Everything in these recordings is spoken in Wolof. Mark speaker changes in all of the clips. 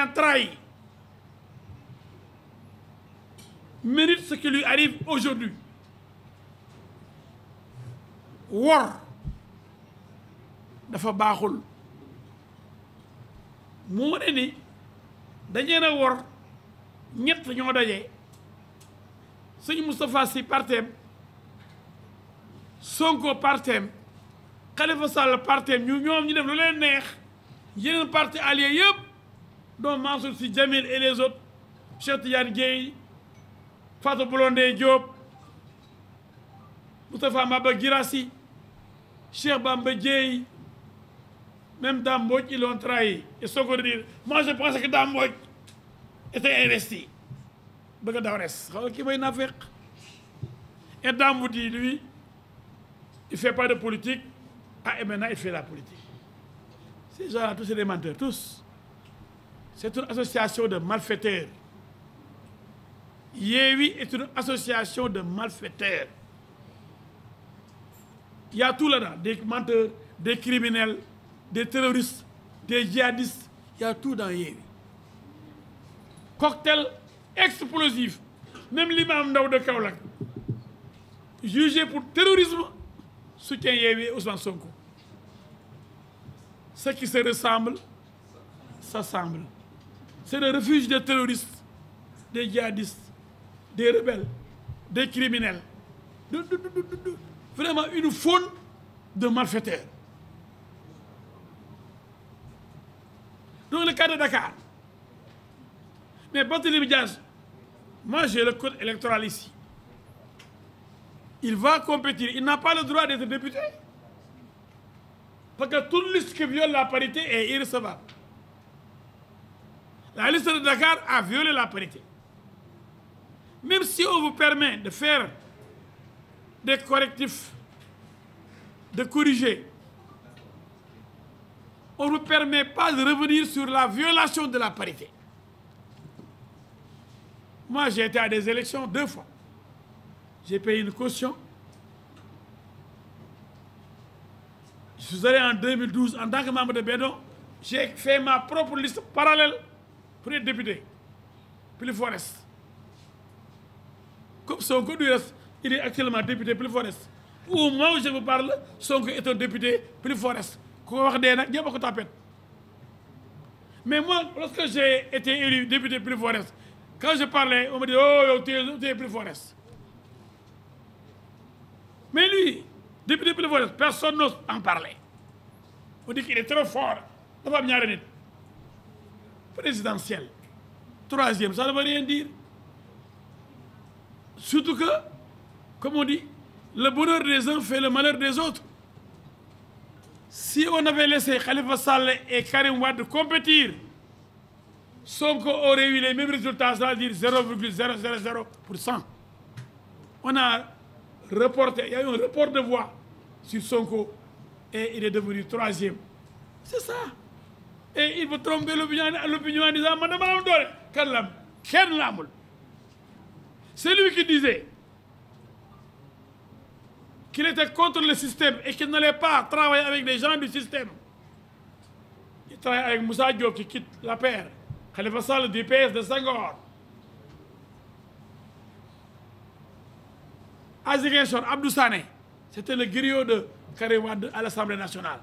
Speaker 1: citoyen trahi mérite ce qui arrive aujourd'hui wor dafa baaxul mu ne ni dañee na wor ñett ñoo dajee sëñ Moustapha Sy parteem Sonko parteem Khalifa parteem ñu ñoom ñu def lu leen neex yeneen parti alliés yëpp dont Mansour Sy Djamil et les autres Cheikh Tidiane Gueye Fatou Blondin Diop Moustapha Maba Guirassy Cheikh Bamba Dièye même Dame Mbodj ils l'ont trahi et Sogor dire moi je pensais que Dame Mbodj était investi bëgg a daw res xaw ki may naafeq et Dame Mbodj il fait pas de politique ah et il fait la politique ces gens-là tous c'est des c'est une association de malfaiteurs Yewwi est une association de malfaiteurs il tout là-dedans des menteurs des criminels des terroristes des djihadistes il tout dans Yewwi cocktail explosif même l'imam Ndaw de Kaolack jugé pour terrorisme soutient Yewwi et Ousmane Sonko ce qui se ressemble s'assemble c'est le refuge des terroristes des djihadistes des rebelles des criminels de de de de vraiment une faune de malfaiteurs donc le cas Dakar mais Barthélémy Dias moi j'ai le code électoral ici il va compétir il n'a pas le droit d'être député parce que toute liste qui viole la parité est irrecevable La liste de Dakar a violé la parité. Même si on vous permet de faire des correctifs, de corriger, on ne vous permet pas de revenir sur la violation de la parité. Moi, j'ai été à des élections deux fois. J'ai payé une caution. Je suis allé en en tant que membre de Bédon. J'ai fait ma propre liste parallèle pour être député Piliforès comme Sonko du reste il est actuellement député Piliforès au moment où je vous parle Sonko est un député Piliforès ku ko wax dee nag ñëpp a ko tapet mais moi lorsque j'ai été élu député Piliforès quand je parlais on me dit oh yow tu es tu es mais lui député Piliforès personne n'ose en parler on dit qu'il trop fort dafa am ñaari nit. présidentielle troisième ça ne veut rien dire surtout que comme on dit le bonheur des uns fait le malheur des autres si on avait laissé Khalifa Sall et Karim de compétir Sonko aurait eu les mêmes résultats c'est-à-dire 0,000 pour cent on a reporté il y a eu un de voix sur Sonko et il est devenu troisième c'est ça et eh, il veut tromper l'opinion l'opinion en disant man dama am doole kan la celui qui disait qu'il était contre le système et qu'il n'allait pas travailler avec les gens du système il travaille avec Moussa Diop qui quitte la paire Khalifa Sall du PS de Senghor à Ziguinchor Abdou Sané c'était le griot de Karim Wade à l'Assemblée nationale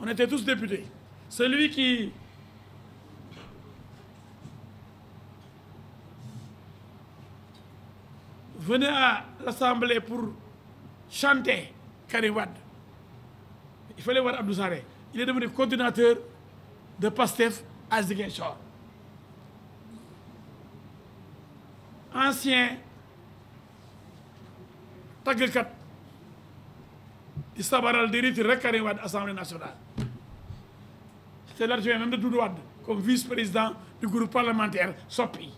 Speaker 1: on était tous députés Celui qui venait à l'Assemblée pour chanter Karim Wade, il fallait voir Abdou Saré. Il est devenu coordinateur de PASTEF à Ziguinchor. Ancien tàggkat di sabaral di riti rek Karim Wade Assemblée nationale. te l'adjoint même de Doudou Wade comme vice-président du groupe parlementaire Sopi.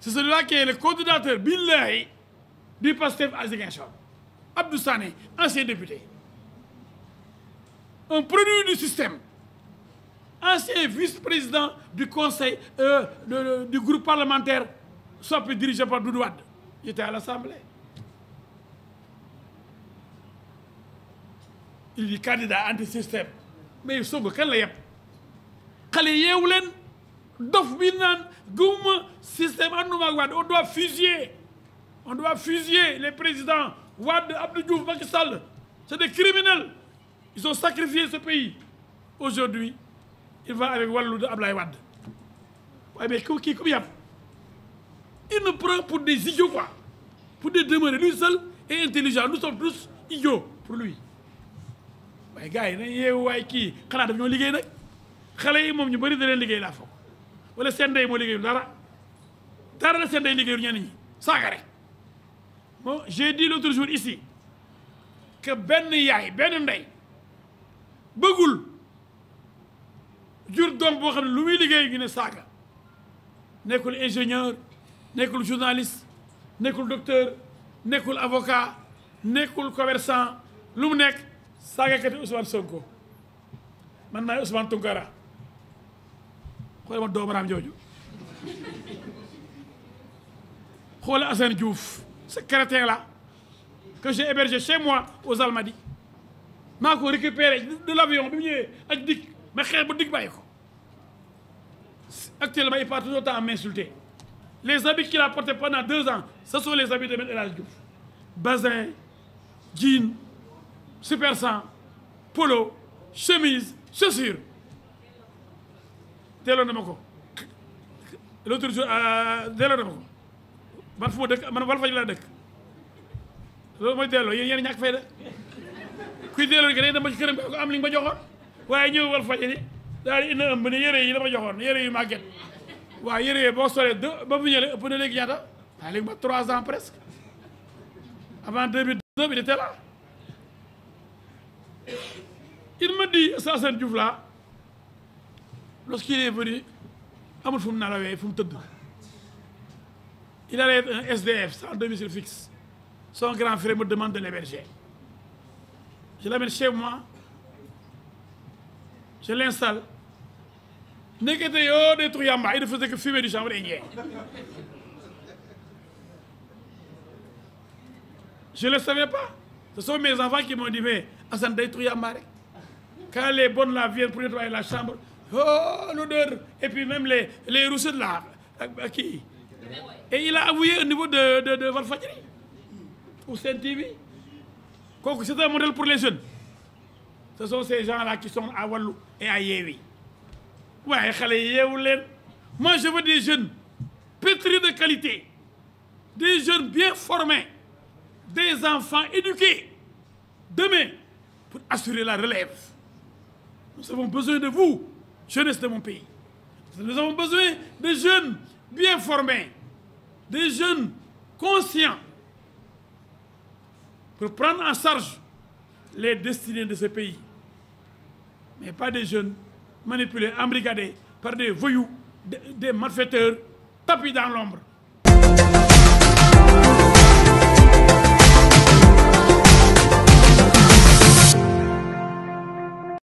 Speaker 1: C'est celui-là qui est le coordinateur billahi du PASTEF à Ziguinchor. Abdou Sané, ancien député. Un produit du système. Ancien vice-président du conseil euh, de, de, du groupe parlementaire Sopi dirigé par Doudou Wade. Il était à l'Assemblée. Il est candidat anti-système. mais Sonko kan la yeb xale yeewu leen dof bi système ànduma ak on doit fusiller on doit fusiller les présidents Wade Abdou Diouf c'est des criminels ils ont sacrifié ce pays aujourd'hui il va avec wàllu de Ablaye Wade waaye mais ku kii ku il nous prend pour des idiots pour des demeurés lui seul est intelligent nous sommes tous idiots pour lui waaye gars yi na yeewu waay kii xanaa daf ñoo liggéey nag xale yi moom ñu bari da liggéey laa foog wala seen day moo liggéeyul dara dara la seen day liggéeyul ñenn ñi saaga rek bon j'ai dit l'autre jour ici que benn yaay benn ndey bëggul jur doom boo xam ne lu muy liggéey ñu ne saaga nekkul ingénieur nekkul journaliste nekkul docteur nekkul avocat nekkul commerçant lu mu nekk saagakati Ousmane Sonko man naa Ousmane Tunkara xoole ma doomaraam jooju xoole Assane Diouf secrétaire la que j'ai hébergé chez moi aux Almadies maa ko récupéré de l'avion bi mu ñëwee ak dig ma xeex ba dig bàyyi ko actuellement il part tout le temps à m'insulter les habits qu'il portés pendant deux ans sa sont les habits de Me El Hadji Diouf basin jean super 100 polo chemise chaussure teeloon na ma ko l'autre jour teeloon euh, na ma ko man fu ma dëkk man wal faj laa dëkk loolu mooy delloo yéen yéen ñàkk fay de kuy delloo gi day dama ci këram ko am li nga ma joxoon waaye ñëw wal faj di indi ëmb ne yére yi dama joxoon yére yi màgget waa yére yi boo solee deux ba mu ñëwee ëpp na léegi ñaata waaye léegi ma trois ans presque avant deux mille deux bi di teel il me dit ça Assane Diouf là lorsqu'il est venu amul fu mu narawee fu mu tëdd il allait SDF sans domicile fixe son grand frère me demande de l'héberger je l'amène chez moi je l'installe nekkete yoo des trucs yamba il ne faisait que fumer du chanvre indien je le savais pas Ce sont mes enfants qui m'ont dit, mais Hassan Amare. Quand les bonnes là viennent pour nettoyer la chambre, oh l'odeur Et puis même les, les roussettes là, qui Et il a avoué au niveau de, de, de Valfadjiri, ou TV. C'est un modèle pour les jeunes. Ce sont ces gens-là qui sont à Wallou et à Yewi. Ouais, Moi, je veux des jeunes pétris de qualité, des jeunes bien formés, des enfants éduqués demain pour assurer la relève. Nous avons besoin de vous, jeunesse de mon pays. Nous avons besoin de jeunes bien formés, des jeunes conscients pour prendre en charge les destinées de ce pays. Mais pas des jeunes manipulés, embrigadés par des voyous, des malfaiteurs tapis dans l'ombre.